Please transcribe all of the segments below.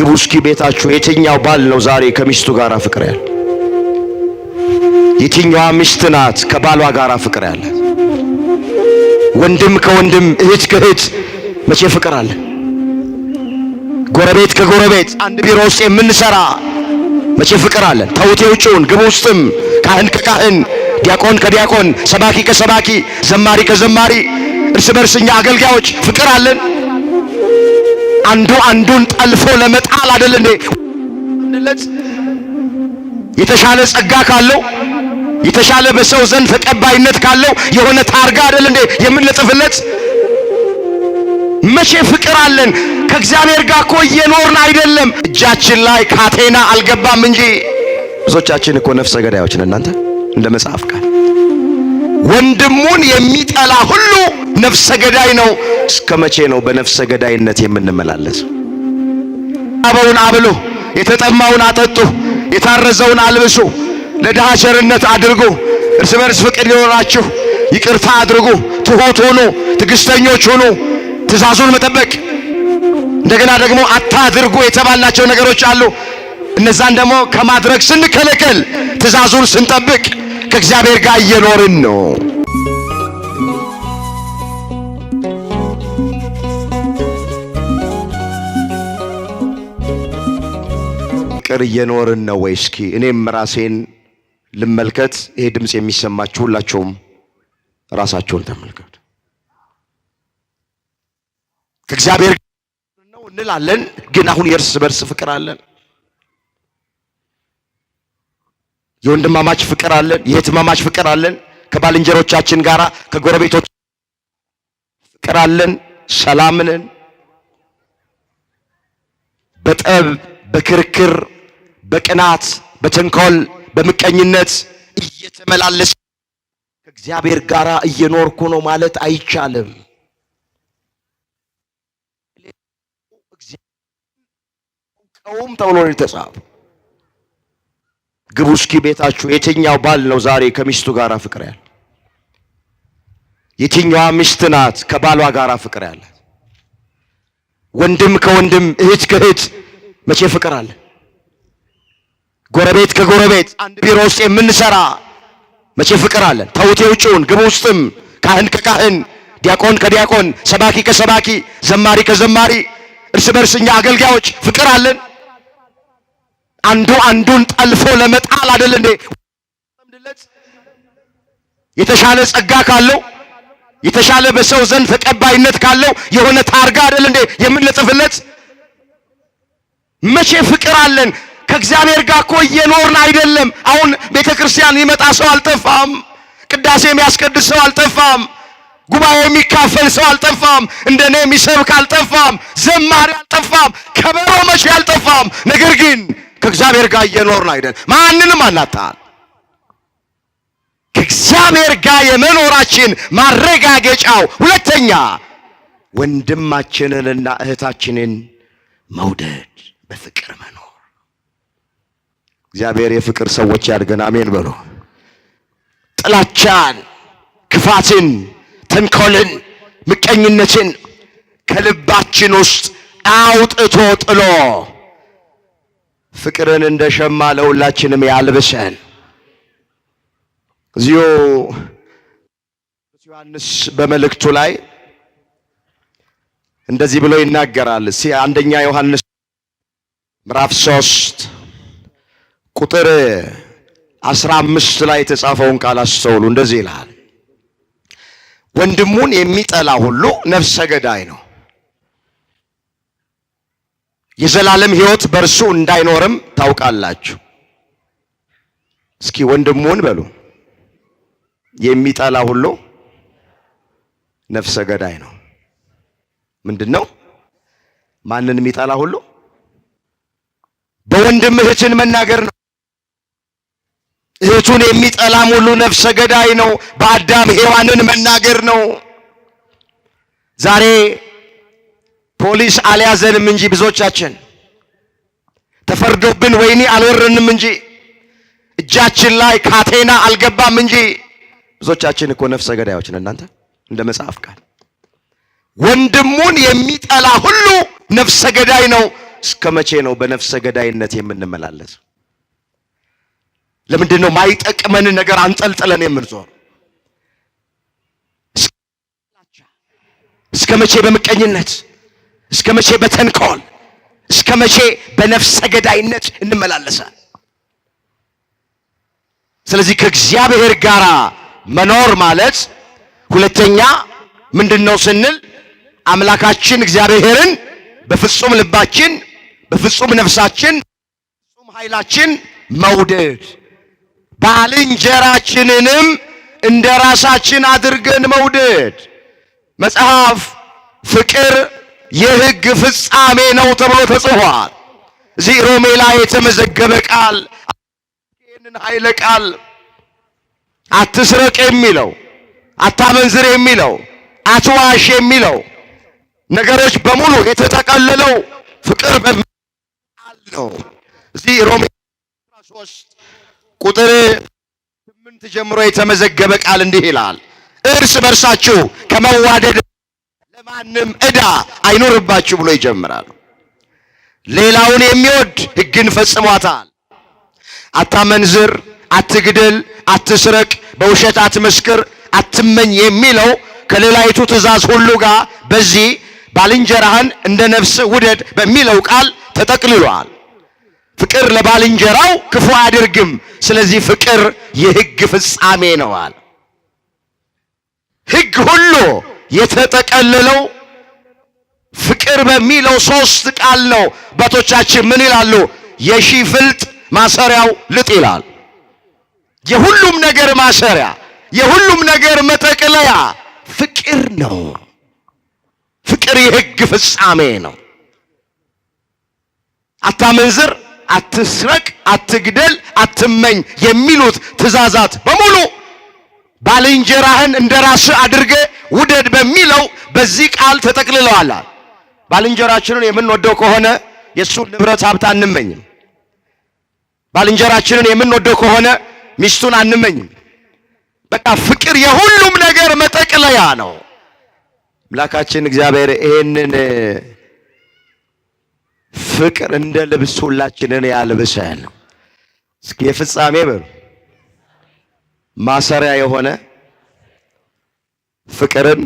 ግቡ እስኪ ቤታችሁ። የትኛው ባል ነው ዛሬ ከሚስቱ ጋር ፍቅር ያለ? የትኛዋ ሚስት ናት ከባሏ ጋር ፍቅር ያለ? ወንድም ከወንድም እህት ከእህት መቼ ፍቅር አለ? ጎረቤት ከጎረቤት አንድ ቢሮ ውስጥ የምንሰራ መቼ ፍቅር አለ? ተውት ውጭውን ግቡ ውስጥም፣ ካህን ከካህን፣ ዲያቆን ከዲያቆን፣ ሰባኪ ከሰባኪ፣ ዘማሪ ከዘማሪ፣ እርስ በርስኛ አገልጋዮች ፍቅር አለን? አንዱ አንዱን ጠልፎ ለመጣል አይደል እንዴ? የተሻለ ጸጋ ካለው የተሻለ በሰው ዘንድ ተቀባይነት ካለው የሆነ ታርጋ አይደል እንዴ የምንለጥፍለት? መቼ ፍቅር አለን? ከእግዚአብሔር ጋር እኮ እየኖርን አይደለም። እጃችን ላይ ካቴና አልገባም እንጂ ብዙዎቻችን እኮ ነፍሰ ገዳዮች ነን። እናንተ እንደ መጽሐፍ ቃል ወንድሙን የሚጠላ ሁሉ ነፍሰ ገዳይ ነው። እስከ መቼ ነው በነፍሰ ገዳይነት የምንመላለስ? አበውን አብሉ፣ የተጠማውን አጠጡ፣ የታረዘውን አልብሱ፣ ለድሃ ቸርነት አድርጉ፣ እርስ በርስ ፍቅር ይኖራችሁ፣ ይቅርታ አድርጉ፣ ትሑት ሁኑ፣ ትዕግሥተኞች ሁኑ፣ ትእዛዙን መጠበቅ። እንደገና ደግሞ አታድርጉ የተባልናቸው ነገሮች አሉ። እነዛን ደግሞ ከማድረግ ስንከለከል፣ ትእዛዙን ስንጠብቅ ከእግዚአብሔር ጋር እየኖርን ነው። ፍቅር እየኖርን ነው ወይ? እስኪ እኔም ራሴን ልመልከት። ይሄ ድምፅ የሚሰማችሁ ሁላችሁም ራሳችሁን ተመልከቱ። ከእግዚአብሔር ነው እንላለን፣ ግን አሁን የእርስ በርስ ፍቅር አለን የወንድማማች ፍቅር አለን፣ የህትማማች ፍቅር አለን፣ ከባልንጀሮቻችን ጋር ከጎረቤቶች ፍቅር አለን። ሰላምንን በጠብ በክርክር በቅናት በተንኮል በምቀኝነት እየተመላለስ ከእግዚአብሔር ጋር እየኖርኩ ነው ማለት አይቻልም። ቀውም ተብሎ ነው የተጻፈው። ግቡ እስኪ ቤታችሁ። የትኛው ባል ነው ዛሬ ከሚስቱ ጋር ፍቅር ያለ? የትኛዋ ሚስት ናት ከባሏ ጋር ፍቅር ያለ? ወንድም ከወንድም እህት ከእህት መቼ ፍቅር አለ? ጎረቤት ከጎረቤት አንድ ቢሮ ውስጥ የምንሰራ መቼ ፍቅር አለን? ተውቴ የውጭውን፣ ግቡ ውስጥም፣ ካህን ከካህን፣ ዲያቆን ከዲያቆን፣ ሰባኪ ከሰባኪ፣ ዘማሪ ከዘማሪ፣ እርስ በርስ እኛ አገልጋዮች ፍቅር አለን? አንዱ አንዱን ጠልፎ ለመጣል አይደል እንዴ? የተሻለ ጸጋ ካለው የተሻለ በሰው ዘንድ ተቀባይነት ካለው የሆነ ታርጋ አይደል እንዴ የምንለጥፍለት? መቼ ፍቅር አለን? ከእግዚአብሔር ጋር እኮ እየኖርን አይደለም። አሁን ቤተ ክርስቲያን ሰው አልጠፋም። ቅዳሴ የሚያስቀድስ ሰው አልጠፋም። ጉባኤ የሚካፈል ሰው አልጠፋም። እንደኔ የሚሰብክ አልጠፋም። ዘማሪ አልጠፋም። ከበሮ መቼ አልጠፋም። ነገር ግን ከእግዚአብሔር ጋር እየኖርን አይደል? ማንንም አናጣል። ከእግዚአብሔር ጋር የመኖራችን ማረጋገጫው ሁለተኛ ወንድማችንንና እህታችንን መውደድ፣ በፍቅር መኖር። እግዚአብሔር የፍቅር ሰዎች ያድርገን። አሜን በሎ ጥላቻን፣ ክፋትን፣ ተንኮልን፣ ምቀኝነትን ከልባችን ውስጥ አውጥቶ ጥሎ ፍቅርን እንደ ሸማ ለሁላችንም ያልብሰን። እዚሁ ዮሐንስ በመልእክቱ ላይ እንደዚህ ብሎ ይናገራል። እስኪ አንደኛ ዮሐንስ ምዕራፍ ሶስት ቁጥር አስራ አምስት ላይ የተጻፈውን ቃል አስተውሉ። እንደዚህ ይላል፣ ወንድሙን የሚጠላ ሁሉ ነፍሰ ገዳይ ነው። የዘላለም ሕይወት በእርሱ እንዳይኖርም ታውቃላችሁ። እስኪ ወንድሙን በሉ የሚጠላ ሁሉ ነፍሰ ገዳይ ነው። ምንድን ነው? ማንን የሚጠላ ሁሉ በወንድም እህትን መናገር ነው። እህቱን የሚጠላም ሁሉ ነፍሰ ገዳይ ነው። በአዳም ሔዋንን መናገር ነው። ዛሬ ፖሊስ አልያዘንም እንጂ ብዙዎቻችን ተፈርዶብን ወይኒ አልወረንም እንጂ እጃችን ላይ ካቴና አልገባም እንጂ ብዙዎቻችን እኮ ነፍሰ ገዳዮች እናንተ እንደ መጽሐፍ ቃል ወንድሙን የሚጠላ ሁሉ ነፍሰ ገዳይ ነው። እስከ መቼ ነው በነፍሰ ገዳይነት የምንመላለስ? ለምንድን ነው ማይጠቅመን ነገር አንጠልጥለን የምንዞር? እስከ መቼ በምቀኝነት እስከ መቼ በተንኮል እስከ መቼ በነፍሰ ገዳይነት እንመላለሳል? ስለዚህ ከእግዚአብሔር ጋር መኖር ማለት ሁለተኛ ምንድን ነው ስንል አምላካችን እግዚአብሔርን በፍጹም ልባችን፣ በፍጹም ነፍሳችን፣ በፍጹም ኃይላችን መውደድ ባልንጀራችንንም እንደ ራሳችን አድርገን መውደድ መጽሐፍ ፍቅር የሕግ ፍጻሜ ነው ተብሎ ተጽፏል። እዚህ ሮሜ ላይ የተመዘገበ ቃል ይህንን ኃይለ ቃል አትስረቅ የሚለው አታመንዝር የሚለው አትዋሽ የሚለው ነገሮች በሙሉ የተጠቀለለው ፍቅር በቃል ነው። እዚህ ሮሜ 13 ቁጥር ስምንት ጀምሮ የተመዘገበ ቃል እንዲህ ይላል፣ እርስ በርሳችሁ ከመዋደድ ማንም ዕዳ አይኖርባችሁ ብሎ ይጀምራል። ሌላውን የሚወድ ሕግን ፈጽሟታል። አታመንዝር፣ አትግደል፣ አትስረቅ፣ በውሸት አትመስክር፣ አትመኝ የሚለው ከሌላይቱ ትእዛዝ ሁሉ ጋር በዚህ ባልንጀራህን እንደ ነፍስ ውደድ በሚለው ቃል ተጠቅልሏል። ፍቅር ለባልንጀራው ክፉ አያደርግም። ስለዚህ ፍቅር የሕግ ፍጻሜ ነዋል። ሕግ ሁሉ የተጠቀለለው ፍቅር በሚለው ሶስት ቃል ነው። አባቶቻችን ምን ይላሉ? የሺ ፍልጥ ማሰሪያው ልጥ ይላል። የሁሉም ነገር ማሰሪያ፣ የሁሉም ነገር መጠቅለያ ፍቅር ነው። ፍቅር የሕግ ፍጻሜ ነው። አታመንዝር፣ አትስረቅ፣ አትግደል፣ አትመኝ የሚሉት ትእዛዛት በሙሉ ባልንጀራህን እንደ ራስህ አድርገህ ውደድ በሚለው በዚህ ቃል ተጠቅልለዋል። ባልንጀራችንን የምንወደው ከሆነ የእሱን ንብረት ሀብት አንመኝም። ባልንጀራችንን የምንወደው ከሆነ ሚስቱን አንመኝም። በቃ ፍቅር የሁሉም ነገር መጠቅለያ ነው። አምላካችን እግዚአብሔር ይህንን ፍቅር እንደ ልብስ ሁላችንን ያልብሰን። እስኪ የፍጻሜ በሉ ማሰሪያ የሆነ ፍቅርን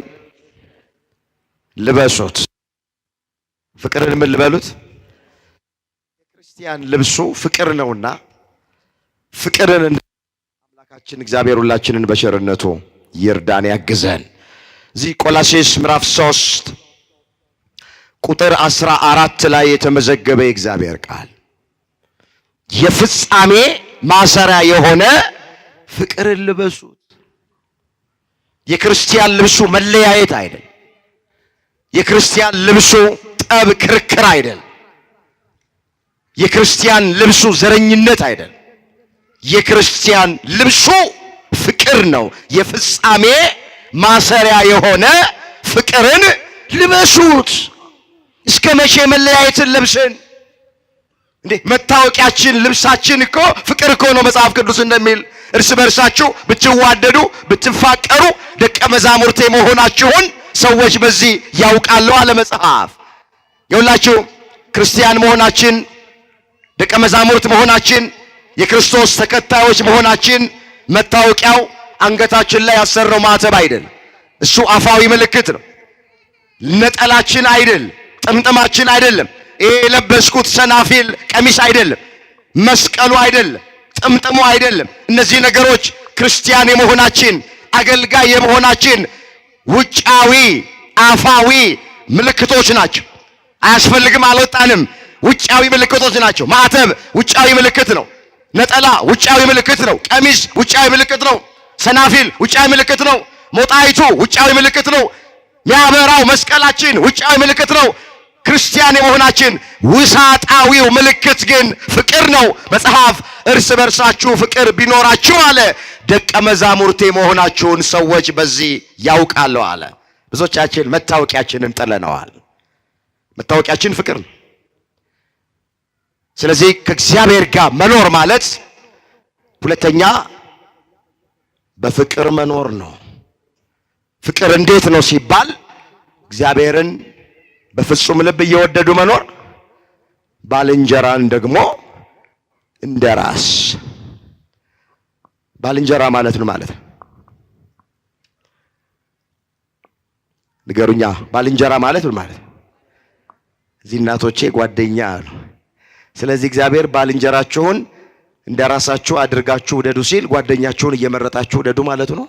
ልበሱት። ፍቅርን ምን ልበሉት? ክርስቲያን ልብሱ ፍቅር ነውና ፍቅርን አምላካችን እግዚአብሔር ሁላችንን በቸርነቱ ይርዳን ያግዘን። እዚህ ቆላሴስ ምዕራፍ ሶስት ቁጥር አስራ አራት ላይ የተመዘገበ የእግዚአብሔር ቃል የፍጻሜ ማሰሪያ የሆነ ፍቅርን ልበሱት። የክርስቲያን ልብሱ መለያየት አይደል። የክርስቲያን ልብሱ ጠብ፣ ክርክር አይደል። የክርስቲያን ልብሱ ዘረኝነት አይደል። የክርስቲያን ልብሱ ፍቅር ነው። የፍጻሜ ማሰሪያ የሆነ ፍቅርን ልበሱት። እስከ መቼ መለያየትን ለብሰን እንዴ? መታወቂያችን ልብሳችን እኮ ፍቅር እኮ ነው። መጽሐፍ ቅዱስ እንደሚል እርስ በርሳችሁ ብትዋደዱ ብትፋቀሩ ደቀ መዛሙርቴ መሆናችሁን ሰዎች በዚህ ያውቃሉ አለ መጽሐፍ። የሁላችሁ ክርስቲያን መሆናችን ደቀ መዛሙርት መሆናችን የክርስቶስ ተከታዮች መሆናችን መታወቂያው አንገታችን ላይ ያሰረው ማተብ አይደል። እሱ አፋዊ ምልክት ነው። ነጠላችን አይደል፣ ጥምጥማችን አይደለም፣ የለበስኩት ሰናፊል ቀሚስ አይደለም፣ መስቀሉ አይደለም። ጠምጥሞ አይደለም። እነዚህ ነገሮች ክርስቲያን የመሆናችን አገልጋይ የመሆናችን ውጫዊ አፋዊ ምልክቶች ናቸው። አያስፈልግም፣ አልወጣንም። ውጫዊ ምልክቶች ናቸው። ማዕተብ ውጫዊ ምልክት ነው። ነጠላ ውጫዊ ምልክት ነው። ቀሚስ ውጫዊ ምልክት ነው። ሰናፊል ውጫዊ ምልክት ነው። ሞጣይቱ ውጫዊ ምልክት ነው። የሚያበራው መስቀላችን ውጫዊ ምልክት ነው። ክርስቲያን የመሆናችን ውሳጣዊው ምልክት ግን ፍቅር ነው። መጽሐፍ እርስ በርሳችሁ ፍቅር ቢኖራችሁ አለ ደቀ መዛሙርቴ መሆናችሁን ሰዎች በዚህ ያውቃሉ አለ። ብዙዎቻችን መታወቂያችንን ጥለነዋል። መታወቂያችን ፍቅር ነው። ስለዚህ ከእግዚአብሔር ጋር መኖር ማለት ሁለተኛ በፍቅር መኖር ነው። ፍቅር እንዴት ነው ሲባል እግዚአብሔርን በፍጹም ልብ እየወደዱ መኖር፣ ባልንጀራን ደግሞ እንደ ራስ ባልንጀራ ማለት ነው ማለት ንገሩኛ ባልንጀራ ማለት ነው ማለት እዚህ እናቶቼ ጓደኛ አሉ። ስለዚህ እግዚአብሔር ባልንጀራችሁን እንደ ራሳችሁ አድርጋችሁ ውደዱ ሲል ጓደኛችሁን እየመረጣችሁ ውደዱ ማለቱ ነው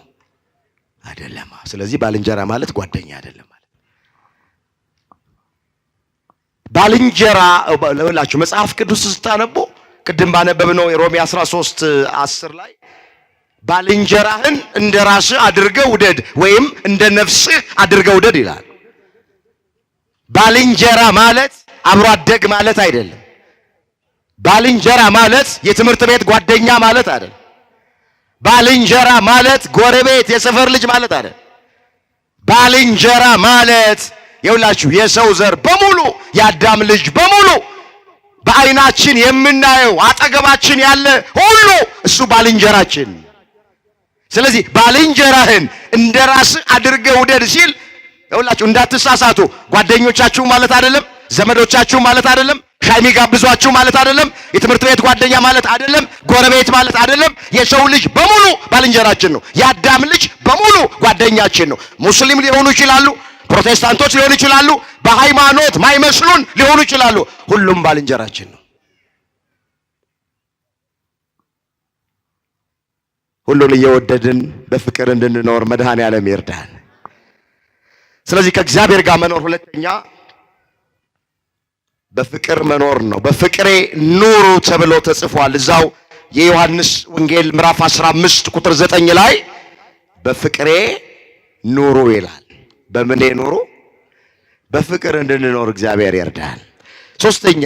አይደለም። ስለዚህ ባልንጀራ ማለት ጓደኛ አይደለም። ባልንጀራ ላችሁ መጽሐፍ ቅዱስ ስታነቡ ቅድም ባነበብነው የሮሜ 13 10 ላይ ባልንጀራህን እንደ ራስህ አድርገህ ውደድ ወይም እንደ ነፍስህ አድርገህ ውደድ ይላል። ባልንጀራ ማለት አብሮ አደግ ማለት አይደለም። ባልንጀራ ማለት የትምህርት ቤት ጓደኛ ማለት አይደለም። ባልንጀራ ማለት ጎረቤት፣ የሰፈር ልጅ ማለት አይደለም። ባልንጀራ ማለት የውላችሁ የሰው ዘር በሙሉ የአዳም ልጅ በሙሉ በዓይናችን የምናየው አጠገባችን ያለ ሁሉ እሱ ባልንጀራችን። ስለዚህ ባልንጀራህን እንደ ራስህ አድርገህ ውደድ ሲል የውላችሁ እንዳትሳሳቱ። ጓደኞቻችሁ ማለት አይደለም፣ ዘመዶቻችሁ ማለት አይደለም፣ ሻይ የሚጋብዟችሁ ማለት አይደለም፣ የትምህርት ቤት ጓደኛ ማለት አይደለም፣ ጎረቤት ማለት አይደለም። የሰው ልጅ በሙሉ ባልንጀራችን ነው። የአዳም ልጅ በሙሉ ጓደኛችን ነው። ሙስሊም ሊሆኑ ይችላሉ ፕሮቴስታንቶች ሊሆኑ ይችላሉ፣ በሃይማኖት ማይመስሉን ሊሆኑ ይችላሉ። ሁሉም ባልንጀራችን ነው። ሁሉን እየወደድን በፍቅር እንድንኖር መድሃን ያለም ይርዳን። ስለዚህ ከእግዚአብሔር ጋር መኖር ሁለተኛ በፍቅር መኖር ነው። በፍቅሬ ኑሩ ተብሎ ተጽፏል። እዛው የዮሐንስ ወንጌል ምዕራፍ 15 ቁጥር 9 ላይ በፍቅሬ ኑሩ ይላል። በምን ኑሩ? በፍቅር እንድንኖር እግዚአብሔር ይርዳል። ሶስተኛ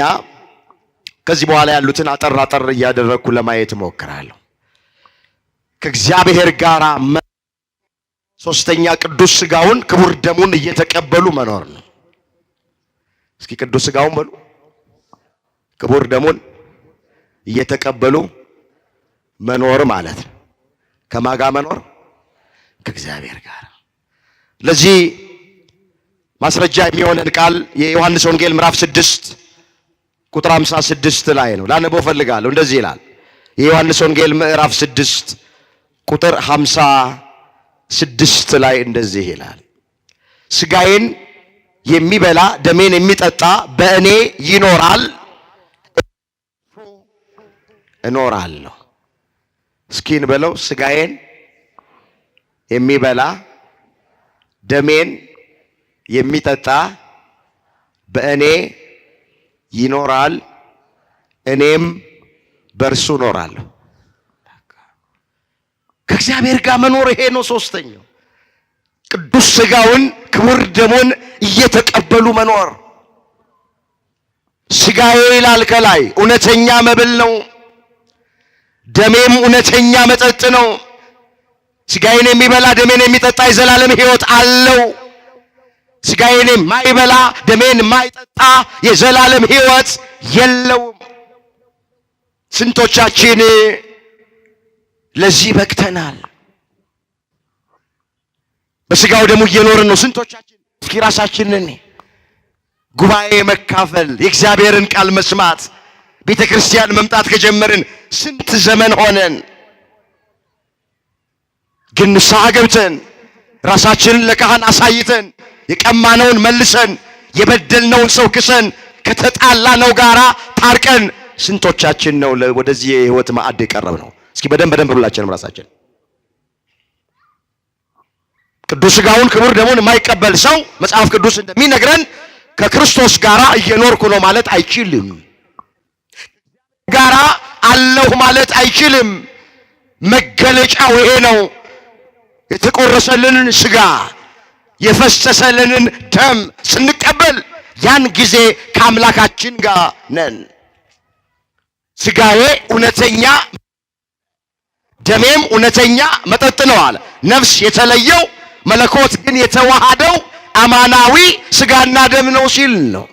ከዚህ በኋላ ያሉትን አጠር አጠር እያደረግኩ ለማየት እሞክራለሁ። ከእግዚአብሔር ጋር ሶስተኛ ቅዱስ ስጋውን ክቡር ደሙን እየተቀበሉ መኖር ነው። እስኪ ቅዱስ ስጋውን በሉ ክቡር ደሙን እየተቀበሉ መኖር ማለት ነው። ከማጋ መኖር ከእግዚአብሔር ጋር ለዚህ ማስረጃ የሚሆነን ቃል የዮሐንስ ወንጌል ምዕራፍ 6 ቁጥር 56 ላይ ነው። ላነበው ፈልጋለሁ። እንደዚህ ይላል። የዮሐንስ ወንጌል ምዕራፍ 6 ቁጥር 56 ላይ እንደዚህ ይላል፣ ስጋዬን የሚበላ ደሜን የሚጠጣ በእኔ ይኖራል እኖራለሁ። እስኪን በለው ስጋዬን የሚበላ ደሜን የሚጠጣ በእኔ ይኖራል፣ እኔም በእርሱ እኖራለሁ። ከእግዚአብሔር ጋር መኖር ይሄ ነው። ሶስተኛው ቅዱስ ስጋውን ክቡር ደሞን እየተቀበሉ መኖር። ስጋዬ ይላል ከላይ እውነተኛ መብል ነው፣ ደሜም እውነተኛ መጠጥ ነው። ስጋዬን የሚበላ ደሜን የሚጠጣ የዘላለም ሕይወት አለው። ስጋዬን የማይበላ ደሜን የማይጠጣ የዘላለም ሕይወት የለውም። ስንቶቻችን ለዚህ በቅተናል? በስጋው ደሙ እየኖርን ነው። ስንቶቻችን እስኪ ራሳችንን ጉባኤ መካፈል፣ የእግዚአብሔርን ቃል መስማት፣ ቤተ ክርስቲያን መምጣት ከጀመርን ስንት ዘመን ሆነን? ግን ንስሐ ገብተን ራሳችንን ለካህን አሳይተን የቀማነውን መልሰን የበደልነውን ሰው ክሰን ከተጣላነው ጋራ ታርቀን ስንቶቻችን ነው ወደዚህ የህይወት ማዕድ የቀረብ ነው? እስኪ በደንብ በደንብ ብላችንም ራሳችን ቅዱስ ሥጋውን ክቡር ደሙን የማይቀበል ሰው መጽሐፍ ቅዱስ እንደሚነግረን ከክርስቶስ ጋር እየኖርኩ ነው ማለት አይችልም። ጋራ አለሁ ማለት አይችልም። መገለጫው ይሄ ነው። የተቆረሰልንን ስጋ የፈሰሰልንን ደም ስንቀበል ያን ጊዜ ከአምላካችን ጋር ነን። ስጋዬ እውነተኛ ደሜም እውነተኛ መጠጥ ነው አለ። ነፍስ የተለየው መለኮት ግን የተዋሃደው አማናዊ ስጋና ደም ነው ሲል ነው።